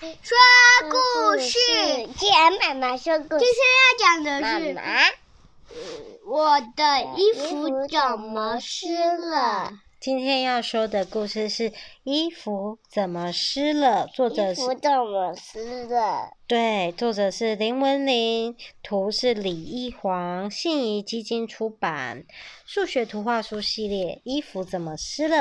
說故事，今天媽媽說，今天要講的是媽媽、嗯，我的衣服怎麼濕了？今天要說的故事是《衣服怎麼濕了》，作者是。怎麼濕了？對，作者是林文玲，圖是李一煌，信誼基金出版《數學圖畫書系列》《衣服怎麼濕了》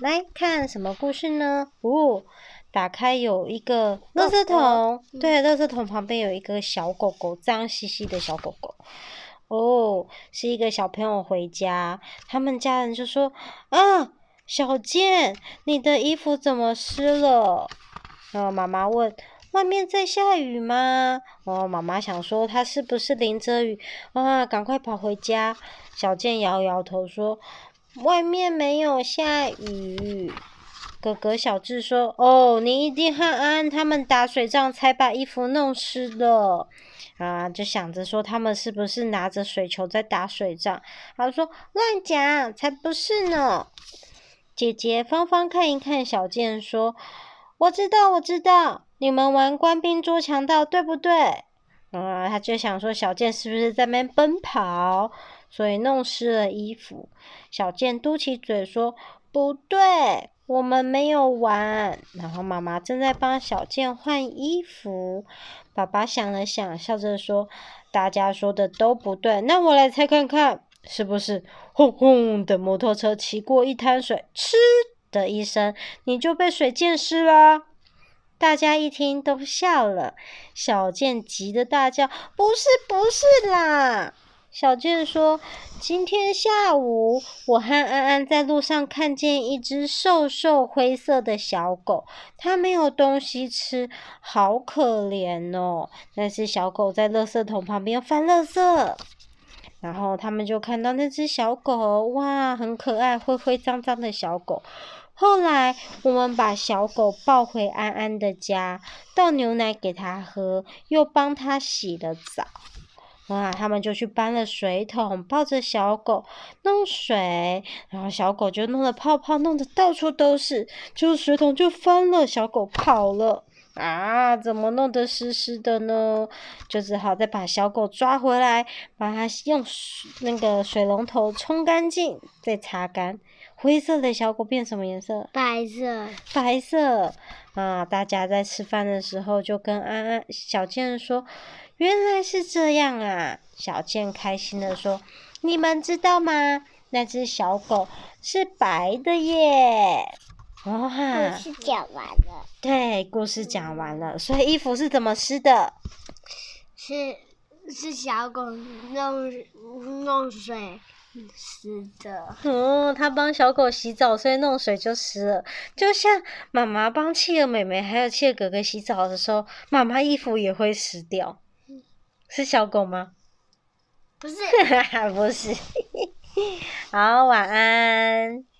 來。來看什麼故事呢？嗚、哦。打開有一個垃圾桶，哦哦、對，垃圾桶旁邊有一個小狗狗，髒兮兮的小狗狗。哦、oh，是一個小朋友回家，他們家人就說：“啊，小健，你的衣服怎麼濕了？”然、啊、後媽媽問：“外面在下雨嗎？”哦、啊，媽媽想說他是不是淋着雨？啊，趕快跑回家。小健搖搖頭說：“外面沒有下雨。”哥哥小智說：“哦，你一定和安安他們打水仗才把衣服弄濕的！”啊，就想着說他們是不是拿着水球在打水仗？他說：“亂講，才不是呢！”姐姐芳芳看一看小健說：“我知道，我知道，你們玩官兵捉強盜對不對？”啊，他就想說小健是不是在那邊奔跑，所以弄濕了衣服？小健嘟起嘴說：“不對。”我們沒有玩，然後媽媽正在幫小健換衣服。爸爸想了想，笑着說：“大家說的都不對，那我來猜看看，是不是轟轟的摩托車騎過一灘水，嗤的一聲，你就被水濺濕了？”大家一聽都笑了。小健急得大叫：“不是，不是啦！”小健說：“今天下午，我和安安在路上看見一隻瘦瘦灰色的小狗，它沒有東西吃，好可憐哦！那隻小狗在垃圾桶旁邊翻垃圾，然後他們就看到那隻小狗，哇，很可愛，灰灰髒髒的小狗。後來，我們把小狗抱回安安的家，倒牛奶給它喝，又幫它洗了澡。”哇！他們就去搬了水桶，抱着小狗弄水，然後小狗就弄了泡泡，弄得到處都是，就水桶就翻了，小狗跑了。啊，怎麼弄得濕濕的呢？就只好再把小狗抓回來，把它用水那個水龍頭沖乾淨，再擦乾。灰色的小狗變什麼顏色？白色。白色。啊，大家在吃飯的時候就跟安安小健說：“原來是這樣啊！”小健開心的說：“你們知道嗎？那隻小狗是白的耶！”哦、啊，故事講完了。對，故事講完了。嗯、所以衣服是怎麼濕的？是是小狗弄弄水濕的。哦、嗯，他幫小狗洗澡，所以弄水就濕了。就像媽媽幫企鵝妹妹還有企鵝哥哥洗澡的時候，媽媽衣服也會濕掉。是小狗嗎？不是， 不是。 好，晚安。